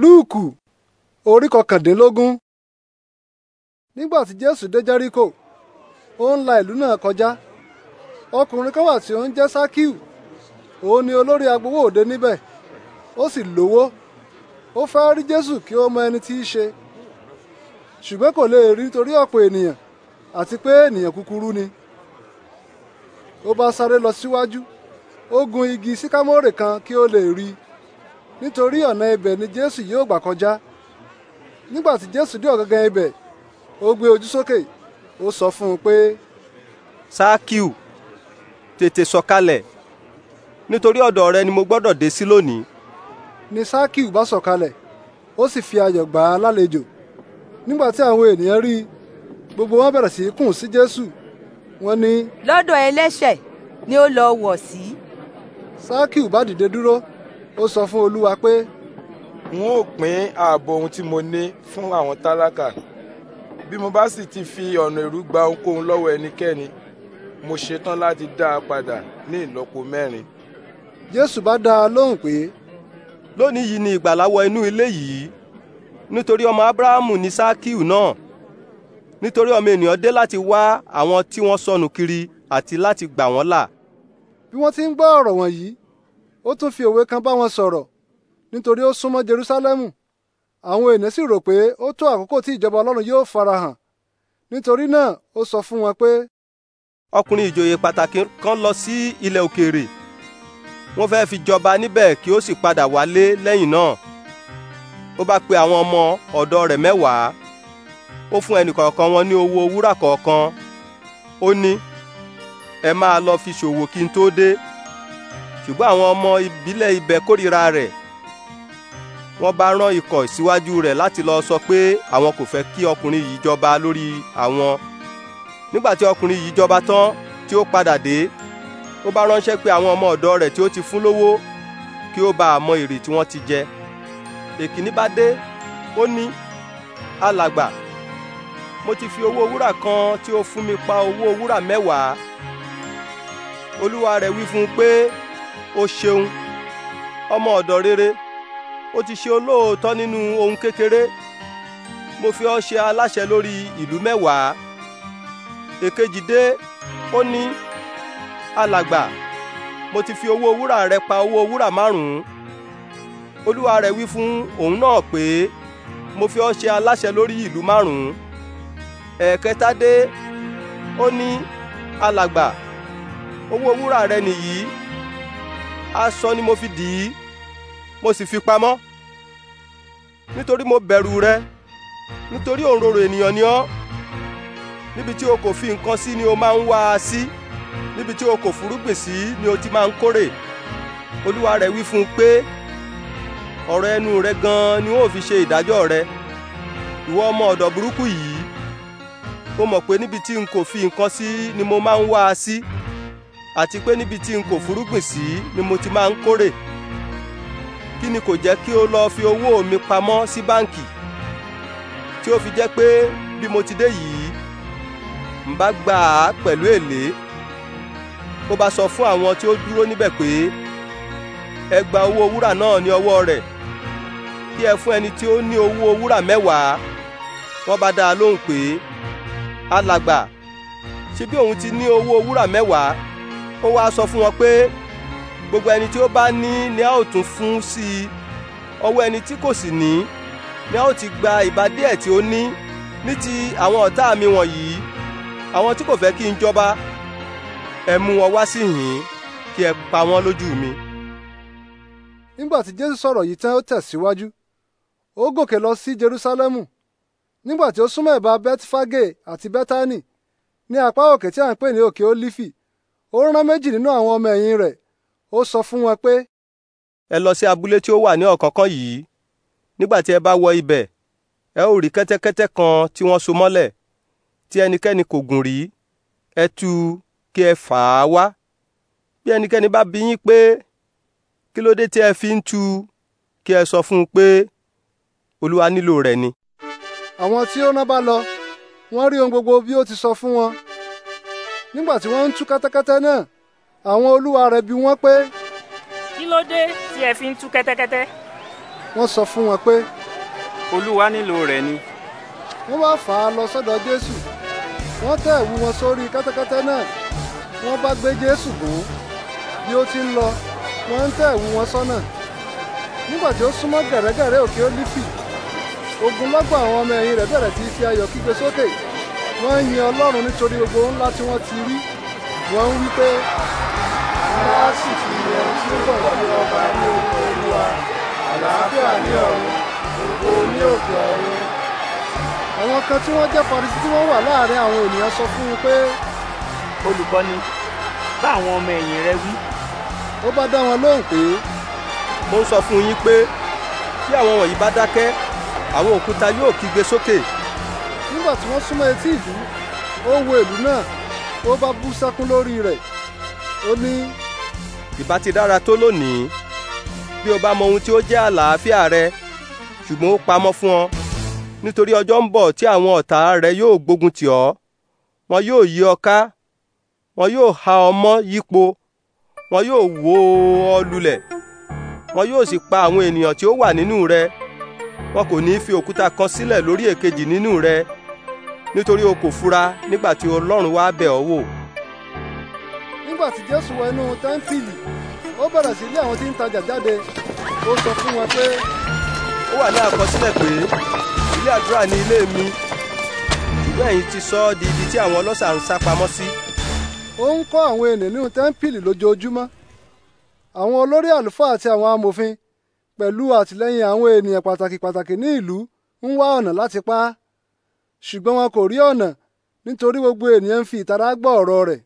lúùkù orí kọkàndínlógún. nígbà tí jésù dé jẹ́ríkò ó ń la ìlú náà kọjá ọkùnrin kan wà tí ó ń jẹ́ sákíù òun ni olórí agbowó òde níbẹ̀ ó sì lówó ó fẹ́ rí jésù kí ó mọ ẹni tí í ṣe ṣùgbọ́n kò lè rí nítorí ọ̀pọ̀ ènìyàn àti pé ènìyàn kúkúrú ni ó bá sáré lọ síwájú ó gun igi síkámórè kan kí ó lè rí i nítorí ọ̀nà ibẹ̀ ni Jésù yóò gbà kọjá nígbà tí Jésù dé ọ̀gángan ibẹ̀ ó gbé ojú sókè ó sọ fún un pé. Sákìù tètè sọkalẹ̀. nítorí ọ̀dọ̀ rẹ ni mo gbọ́dọ̀ dé sí lónìí. ni Sákìù bá sọ̀kalẹ̀ ó sì fi ayọ̀ gbà á lálejò nígbà àwọn ènìyàn rí i gbogbo wọn bẹ̀rẹ̀ sí í kùn sí Jésù wọn ni. lọ́dọ̀ ẹlẹ́ṣẹ̀ ni ó lọ wọ̀ sí. Sákìù bá dìde dúró ó sọ fún olúwa pé. n ó pín ààbọ̀ ohun tí mo ní fún àwọn tálákà bí mo bá sì ti fi ọ̀nà ẹ̀rú gba ohunkóhun lọ́wọ́ ẹnikẹ́ni mo ṣetán láti dá a padà ní ìlọ́po mẹ́rin. Jésù bá dá a lóhùn pé. lónìí yìí ni ìgbàlà wọ inú ilé yìí nítorí ọmọ Ábúráhámù ní Sákíù náà nítorí ọmọ ènìyàn dé láti wá àwọn tí wọ́n sọnù kiri àti láti gbà wọ́n là. bí wọ́n ti ń gbọ́ ọ̀rọ̀ wọ̀nyí ó tún fi òwe kan bá wọn sọ̀rọ̀ nítorí ó súnmọ́ Jerúsálẹ́mù àwọn ènìyàn sì rò pé ó tó àkókò tí ìjọba Ọlọ́run yóò farahàn nítorí náà ó sọ fún wọn pé. ọkùnrin ìjòyè pàtàkì kan lọ sí ilẹ̀ òkèèrè wọ́n fẹ́ẹ́ fi jọba níbẹ̀ kí ó sì padà wálé lẹ́yìn náà ó bá pe àwọn ọmọ ọ̀dọ̀ rẹ̀ mẹ́wàá ó fún ẹnìkọ̀ọ̀kan wọn ní owó wúrà kọ̀ọ̀kan ó ní ẹ máa lọ fi ṣòwò kí n tó dé ṣùgbọ́n àwọn ọmọ ìbílẹ̀ ibẹ̀ kórìíra rẹ̀ wọ́n bá rán ikọ̀ síwájú rẹ̀ láti lọ sọ pé àwọn kò fẹ́ kí ọkùnrin yìí jọba lórí àwọn nígbà tí ọkùnrin yìí jọba tán tí ó padà dé ó bá ránṣẹ́ pé àwọn ọmọ ọ̀dọ́ rẹ̀ tí ó ti fún lówó kí ó bá àmọ èrè tí wọ́n ti jẹ èkìní bá dé ó ní alàgbà mo ti fi owó wúrà kan tí ó fún mi pa owó wúrà mẹ́wàá olúwa rẹ̀ wí fún un pé o ṣeun ọmọ ọ̀dọ̀ rere o ti ṣe olóòótọ́ nínú ohun kékeré mo fi ọ ṣe aláṣẹ lórí ìlú mẹ́wàá èkejì dé ó ní alàgbà mo ti fi owó wúrà rẹ pa owó wúrà márùn-ún olúwa rẹ̀ wí fún òun náà pé mo fi ọ ṣe aláṣẹ lórí ìlú márùn-ún ẹ̀ẹ̀kẹta dé ó ní alàgbà owó wúrà rẹ nìyí aṣọ ni mo fi dì í mo sì fi pamọ́ nítorí mo bẹ̀rù rẹ nítorí òǹrorò ènìyàn ni ọ́ níbi tí o kò fi nǹkan sí ni o máa ń wá a sí níbi tí o kò fúrúgbìn sí ni o ti máa ń kórè olúwa rẹ̀ wí fún un pé ọ̀rọ̀ ẹnu rẹ gan-an ni ó fi ṣe ìdájọ́ rẹ ìwọ ọmọ ọ̀dọ̀ burúkú yìí o mọ̀ pé níbi tí n kò fi nǹkan sí ni mo máa ń wá a sí. Si àti pé níbi tí n kò fúrúgbìn sí ni mo ti máa ń kórè kí ni kò jẹ́ kí ó lọ́ọ́ fi owó mi pamọ́ sí báǹkì tí o fi jẹ́ pé bí mo ti dé yìí n bá gbà á pẹ̀lú èlé ó bá sọ fún àwọn tí ó dúró níbẹ̀ pé ẹ gba owó wúrà náà ní ọwọ́ rẹ̀ kí ẹ fún ẹni tí ó ní owó wúrà mẹ́wàá wọ́n bá dá a lóhùn pé alàgbà ṣebí òun ti ní owó wúrà mẹ́wàá ó wá sọ fún wọn pé gbogbo ẹni tí ó bá ní ni a ó tún fún sí i ọwọ́ ẹni tí kò sì ní ni a ó ti gba ìbá díẹ̀ tí ó ní ní ti àwọn ọ̀tá mi wọ̀nyí àwọn tí kò fẹ́ kí n jọba ẹ mú wọn wá síhìn kí ẹ pa wọ́n lójú mi. nígbà tí jésù sọ̀rọ̀ yìí tán ó tẹ̀síwájú ó gòkè lọ sí jerúsálẹ́mù nígbà tí ó súnmọ́ ẹ̀bá bẹ́tífágè àti bẹ́tánì ní apá òkè tí à ń pè ní òkè ólífì ó rán méjì nínú àwọn ọmọ ẹ̀yìn rẹ̀ ó sọ fún wọn pé. ẹ lọ sí abúlé tí ó wà ní ọ̀kánkán yìí nígbà tí ẹ bá wọ ibẹ̀ ẹ ó rí kẹ́tẹ́kẹ́tẹ́ kan tí wọ́n so mọ́lẹ̀ tí ẹnikẹ́ni kò gùn rí ẹ tú kí ẹ fà á wá bí ẹnikẹ́ni bá bi yín pé kí ló dé tí ẹ fi ń tú kí ẹ sọ fún un pé olúwa nílò rẹ̀ ni. àwọn tí ó ná bá lọ wọ́n rí ohun gbogbo bí ó ti sọ fún wọn nígbà tí wọ́n ń tú kẹ́tẹ́kẹ́tẹ́ náà àwọn olúwa rẹ̀ bi wọ́n pé. kí ló dé tí ẹ fi ń tú kẹ́tẹ́kẹ́tẹ́. wọ́n sọ fún wọn pé. olúwa nílò rẹ̀ ni. wọ́n wá fà á lọ sọ́dọ̀ jésù wọ́n tẹ́ ẹ̀wù wọn sórí kẹ́tẹ́kẹ́tẹ́ náà wọ́n bá gbé jésù gùn bí ó ti ń lọ wọ́n ń tẹ́ ẹ̀wù wọn sọ́nà nígbà tí ó súnmọ́ gẹ̀rẹ́gẹ̀rẹ́ òkè ólífì ogunlọ́gọ̀ àwọn ọmọ ẹ̀yìn rẹ̀ bẹ̀rẹ̀ sí í fi ayọ̀ kígbe sókè. Okay wọ́n ń yin ọlọ́run nítorí gbogbo ńlá tí wọ́n ti rí wọ́n ń wí pé. aláàsìkò ilẹ̀ tí ó bọ̀ wọlé ọba ní òkè olúwa àlàáfíà ní ọ̀run òkò ní òkè ọ̀run. àwọn kan tí wọ́n jẹ́ Farisí tí wọ́n wà láàárín àwọn ènìyàn sọ fún un pé. olùkọ́ni bá ọmọ ẹ̀yìn rẹ wí. ó bá dá wọn lóhùn pé. mo sọ fún yín pé bí àwọn wọ̀nyí bá dákẹ́ àwọn òkúta yóò kígbe sókè. So nígbà tí wọ́n súnmọ́ etí ìlú ó wo ìlú náà ó bá bú sákún lórí rẹ̀ ó ní. ìbá ti dára tó lónìí bí o bá mọ ohun tí ó jẹ́ àlàáfíà rẹ ṣùgbọ́n ó pamọ́ fún ọ nítorí ọjọ́ ń bọ̀ tí àwọn ọ̀tá rẹ yóò gbógun tì ọ́ wọn yóò yí ọ ká wọn yóò ha ọ yípo wọn yóò wó ọ lulẹ̀ wọn yóò sì pa àwọn ènìyàn tí ó wà nínú rẹ wọn kò ní í fi òkúta kan sílẹ̀ lórí èkejì nínú rẹ nítorí o kò fura nígbà tí ọlọ́run wá bẹ̀ ọ́ wò. nígbà tí jésù wọ inú tẹ́ńpìlì ó bẹ̀rẹ̀ sí lé àwọn tí ń tajà jáde ó sọ fún wọn pé. ó wà ní àkọsílẹ̀ pé ilé àdúrà ni ilé mi ṣùgbọ́n ẹ̀yin ti sọ ọ́ di ibi tí àwọn ọlọ́ṣà ń sá pamọ́ sí. ó ń kọ́ àwọn ènìyàn nínú tẹ́ńpìlì lójoojúmọ́ àwọn olórí àlùfáà àti àwọn amòfin pẹ̀lú àtìlẹ́yìn àwọn ènìyàn pàtàkì pàtàkì ní ìlú ń wá ọ̀nà láti pa á ṣùgbọ́n wọn kò rí ọ̀nà nítorí gbogbo ènìyàn ń fi ìtara gbọ́ ọ̀rọ̀ rẹ̀